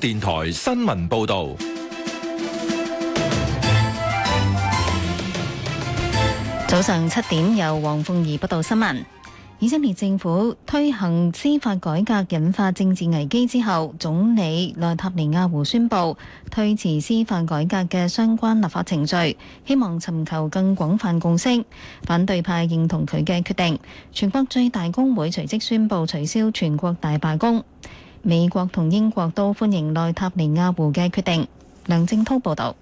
電台新聞報道：早上七點，由黃鳳儀報道新聞。以色列政府推行司法改革引發政治危機之後，總理內塔尼亞胡宣布推遲司法改革嘅相關立法程序，希望尋求更廣泛共識。反對派認同佢嘅決定，全國最大工會隨即宣布取消全國大罷工。美國同英國都歡迎內塔尼亞胡嘅決定。梁正滔報導。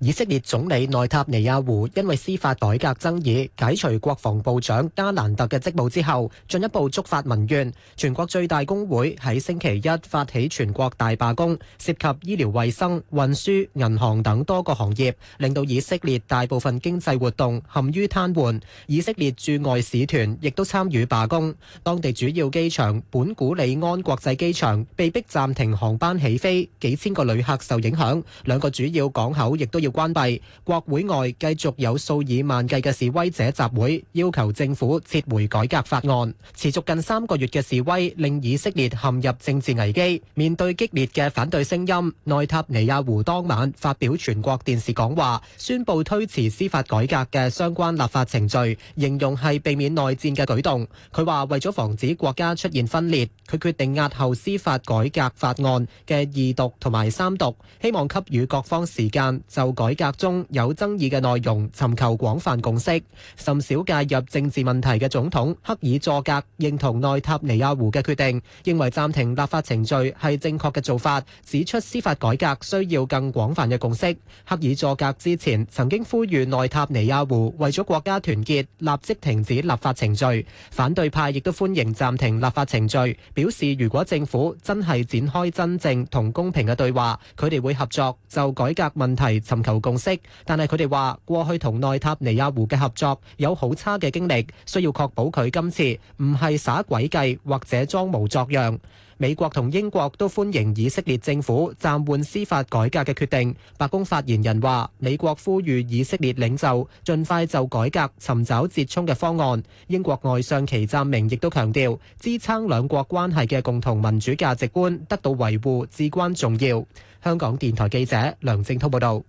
以色列總理內塔尼亞胡因為司法改革爭議解除國防部長加蘭特嘅職務之後，進一步觸發民怨。全國最大工會喺星期一發起全國大罷工，涉及醫療衛生、運輸、銀行等多個行業，令到以色列大部分經濟活動陷於癱瘓。以色列駐外使團亦都參與罷工，當地主要機場本古里安國際機場被逼暫停航班起飛，幾千個旅客受影響。兩個主要港口亦都。要關閉國會外，繼續有數以萬計嘅示威者集會，要求政府撤回改革法案。持續近三個月嘅示威令以色列陷入政治危機，面對激烈嘅反對聲音，內塔尼亞胡當晚發表全國電視講話，宣布推遲司法改革嘅相關立法程序，形容係避免內戰嘅舉動。佢話為咗防止國家出現分裂，佢決定押後司法改革法案嘅二讀同埋三讀，希望給予各方時間就。改革中有爭議嘅內容，尋求廣泛共識。甚少介入政治問題嘅總統赫爾佐格認同內塔尼亞胡嘅決定，認為暫停立法程序係正確嘅做法，指出司法改革需要更廣泛嘅共識。赫爾佐格之前曾經呼籲內塔尼亞胡為咗國家團結，立即停止立法程序。反對派亦都歡迎暫停立法程序，表示如果政府真係展開真正同公平嘅對話，佢哋會合作就改革問題尋求共識，但係佢哋話過去同內塔尼亞胡嘅合作有好差嘅經歷，需要確保佢今次唔係耍詭計或者裝模作樣。美國同英國都歡迎以色列政府暫緩司法改革嘅決定。白宮發言人話：美國呼籲以色列領袖盡快就改革尋找折衷嘅方案。英國外相祁湛明亦都強調，支撐兩國關係嘅共同民主價值觀得到維護至關重要。香港電台記者梁正滔報道。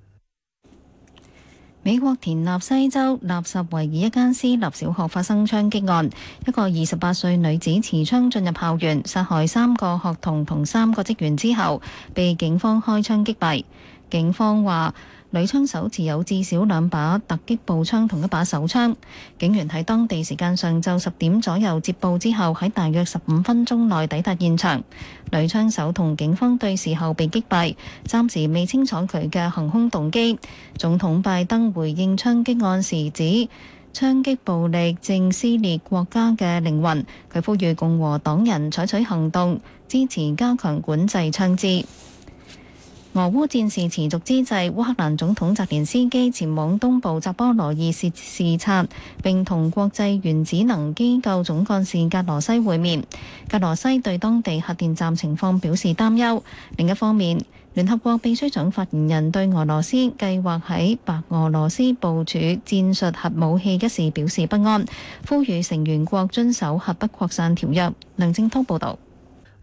美國田納西州納什維爾一間私立小學發生槍擊案，一個二十八歲女子持槍進入校園，殺害三個學童同三個職員之後，被警方開槍擊斃。警方話。女槍手持有至少兩把突擊步槍同一把手槍，警員喺當地時間上晝十點左右接報之後，喺大約十五分鐘內抵達現場。女槍手同警方對峙後被擊斃，暫時未清楚佢嘅行兇動機。總統拜登回應槍擊案時指，槍擊暴力正撕裂國家嘅靈魂，佢呼籲共和黨人採取，取行動，支持加強管制槍支。俄烏戰事持續之際，烏克蘭總統澤連斯基前往東部扎波羅熱市視察，並同國際原子能機構總幹事格羅西會面。格羅西對當地核電站情況表示擔憂。另一方面，聯合國秘書長發言人對俄羅斯計劃喺白俄羅斯部署戰術核武器一事表示不安，呼籲成員國遵守核不擴散條約。梁正滔報導。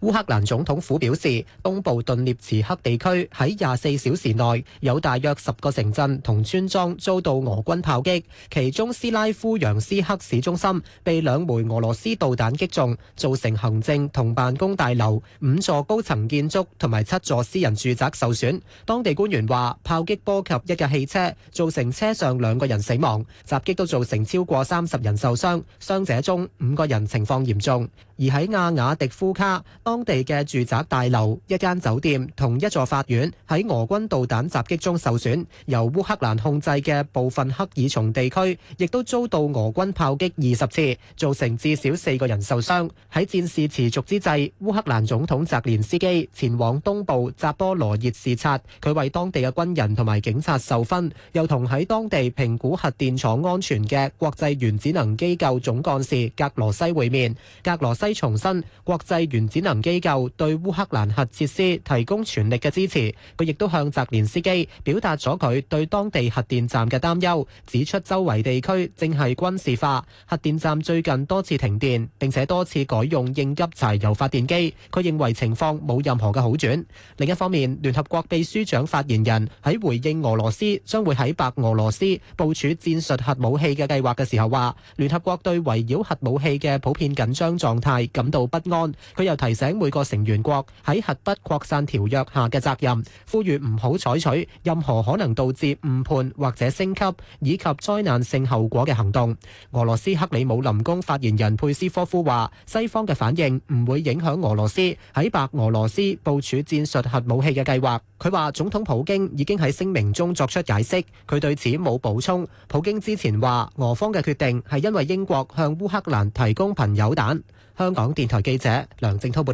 烏克蘭總統府表示，東部頓涅茨克地區喺廿四小時內有大約十個城鎮同村莊遭到俄軍炮擊，其中斯拉夫揚斯克市中心被兩枚俄羅斯導彈擊中，造成行政同辦公大樓五座高層建築同埋七座私人住宅受損。當地官員話，炮擊波及一架汽車，造成車上兩個人死亡；襲擊都造成超過三十人受傷，傷者中五個人情況嚴重。而喺亞瓦迪夫卡，當當地嘅住宅大樓、一間酒店同一座法院喺俄軍導彈襲擊中受損。由烏克蘭控制嘅部分克爾松地區亦都遭到俄軍炮擊二十次，造成至少四個人受傷。喺戰事持續之際，烏克蘭總統澤連斯基前往東部扎波羅熱視察，佢為當地嘅軍人同埋警察授勳，又同喺當地評估核電廠安全嘅國際原子能機構總幹事格羅西會面。格羅西重申國際原子能機構對烏克蘭核設施提供全力嘅支持。佢亦都向澤連斯基表達咗佢對當地核電站嘅擔憂，指出周圍地區正係軍事化，核電站最近多次停電，並且多次改用應急柴油發電機。佢認為情況冇任何嘅好轉。另一方面，聯合國秘書長發言人喺回應俄羅斯將會喺白俄羅斯部署戰術核武器嘅計劃嘅時候話，聯合國對圍繞核武器嘅普遍緊張狀態感到不安。佢又提醒每個成員國喺核不擴散條約下嘅責任，呼籲唔好採取任何可能導致誤判或者升級以及災難性後果嘅行動。俄羅斯克里姆林宮發言人佩斯科夫話，西方嘅反應唔會影響俄羅斯喺白俄羅斯部署戰術核武器嘅計劃。佢話總統普京已經喺聲明中作出解釋，佢對此冇補充。普京之前話俄方嘅決定係因為英國向烏克蘭提供貧鈾彈。香港電台記者梁正濤報。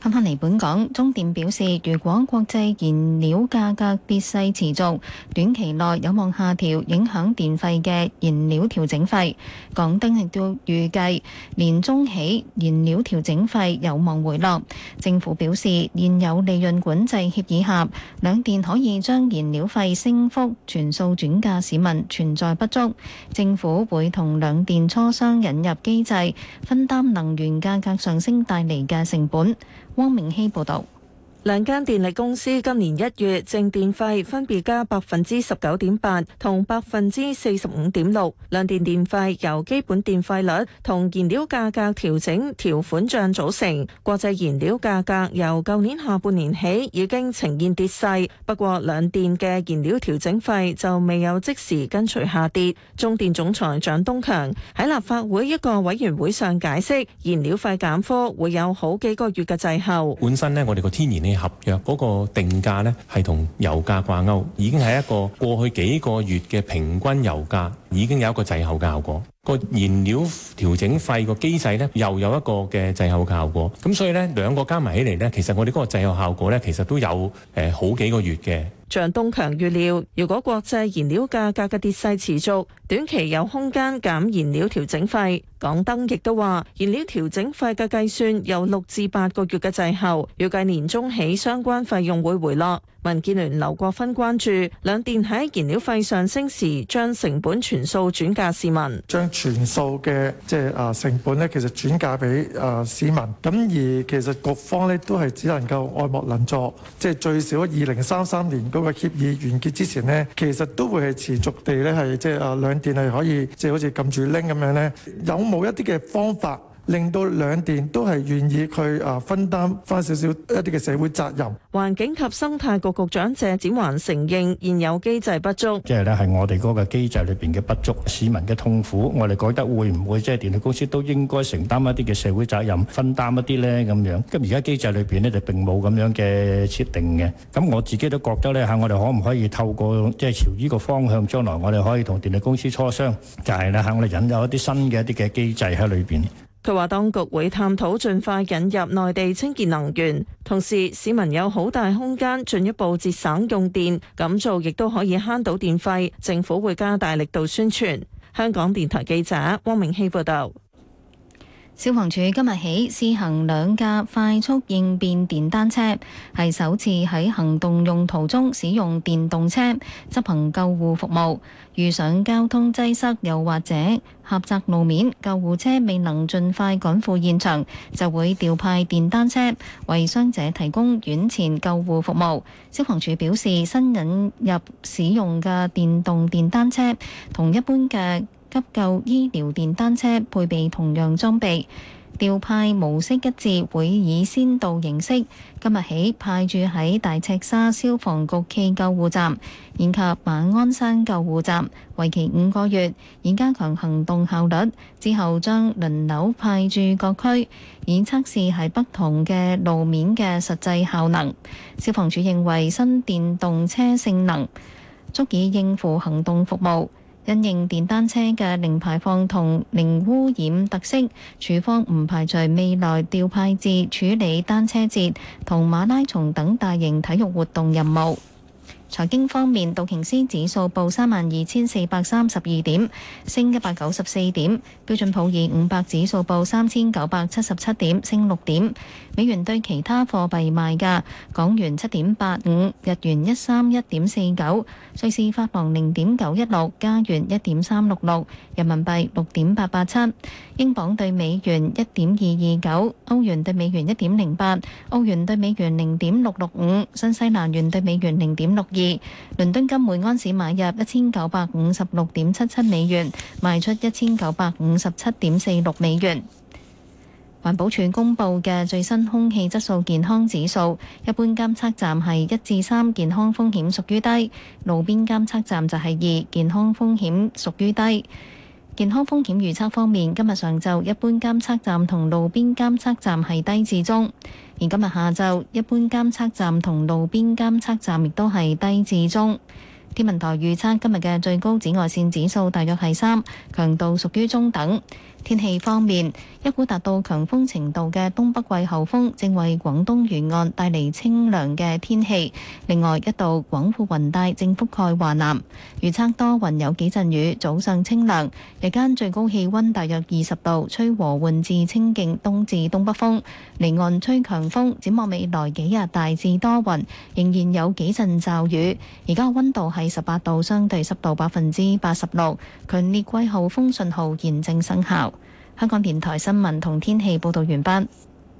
翻返嚟本港，中電表示，如果國際燃料價格跌勢持續，短期內有望下調影響電費嘅燃料調整費。港燈亦都預計年中起燃料調整費有望回落。政府表示，現有利潤管制協議下，兩電可以將燃料費升幅全數轉嫁市民，存在不足。政府會同兩電磋商引入機制，分擔能源價格上升帶嚟嘅成本。汪明希報道。兩間電力公司今年一月淨電費分別加百分之十九點八同百分之四十五點六。兩電電費由基本電費率同燃料價格調整條款賬組成。國際燃料價格由舊年下半年起已經呈現跌勢，不過兩電嘅燃料調整費就未有即時跟隨下跌。中電總裁蔣東強喺立法會一個委員會上解釋，燃料費減科會有好幾個月嘅滯後。本身呢，我哋個天然合約嗰個定價呢係同油價掛鈎，已經係一個過去幾個月嘅平均油價，已經有一個滯後嘅效果。個燃料調整費個機制呢又有一個嘅滯後嘅效果。咁所以呢兩個加埋起嚟呢，其實我哋嗰個滯後效果呢，其實都有誒好幾個月嘅。像東強預料，如果國際燃料價格嘅跌勢持續，短期有空間減燃料調整費。港燈亦都話，燃料調整費嘅計算有六至八個月嘅滯後，預計年中起相關費用會回落。民建聯劉國芬關注，兩電喺燃料費上升時，將成本全數轉嫁市民。將全數嘅即係啊成本咧，其實轉嫁俾啊市民。咁而其實各方咧都係只能夠愛莫能助，即係最少二零三三年。個協議完結之前咧，其實都會係持續地咧，係即係啊兩電係可以，即係、就是、好似撳住拎咁樣咧，有冇一啲嘅方法？令到兩電都係願意去啊分擔翻少少一啲嘅社會責任。環境及生態局局長謝展寰承認現有機制不足，即係咧係我哋嗰個機制裏邊嘅不足，市民嘅痛苦，我哋覺得會唔會即係電力公司都應該承擔一啲嘅社會責任，分擔一啲咧咁樣。咁而家機制裏邊咧就並冇咁樣嘅設定嘅。咁我自己都覺得咧，喺我哋可唔可以透過即係朝呢個方向，將來我哋可以同電力公司磋商，就係咧喺我哋引入一啲新嘅一啲嘅機制喺裏邊。佢話：當局會探討盡快引入內地清潔能源，同時市民有好大空間進一步節省用電，咁做亦都可以慳到電費。政府會加大力度宣傳。香港電台記者汪明熙報道。消防處今日起試行兩架快速應變電單車，係首次喺行動用途中使用電動車執行救護服務。遇上交通擠塞又或者狹窄路面，救護車未能盡快趕赴現場，就會調派電單車為傷者提供院前救護服務。消防處表示，新引入使用嘅電動電單車同一般嘅急救醫療電單車配備同樣裝備，調派模式一致，會以先導形式，今日起派駐喺大赤沙消防局暨救護站，以及馬鞍山救護站，為期五個月，以加強行動效率。之後將輪流派駐各區，以測試喺不同嘅路面嘅實際效能。消防處認為新電動車性能足以應付行動服務。因應電單車嘅零排放同零污染特色，處方唔排除未來調派至處理單車節同馬拉松等大型體育活動任務。財經方面，道瓊斯指數報三萬二千四百三十二點，升一百九十四點；標準普爾五百指數報三千九百七十七點，升六點。美元對其他貨幣賣價：港元七點八五，日元一三一點四九，瑞士法郎零點九一六，加元一點三六六，人民幣六點八八七，英鎊對美元一點二二九，歐元對美元一點零八，澳元對美元零點六六五，新西蘭元對美元零點六二。倫敦金每安士買入一千九百五十六點七七美元，賣出一千九百五十七點四六美元。環保署公布嘅最新空氣質素健康指數，一般監測站係一至三，健康風險屬於低，路邊監測站就係二，健康風險屬於低。健康風險預測方面，今日上晝一般監測站同路邊監測站係低至中，而今日下晝一般監測站同路邊監測站亦都係低至中。天文台預測今日嘅最高紫外線指數大約係三，強度屬於中等。天氣方面，一股達到強風程度嘅東北季候風正為廣東沿岸帶嚟清涼嘅天氣。另外，一道廣闊雲帶正覆蓋華南，預測多雲有幾陣雨，早上清涼，日間最高氣温大約二十度，吹和緩至清勁東至東北風。離岸吹強風。展望未來幾日，大致多雲，仍然有幾陣驟雨。而家温度係十八度，相對濕度百分之八十六，強烈季候風信號現正生效。香港電台新聞同天氣報道完畢。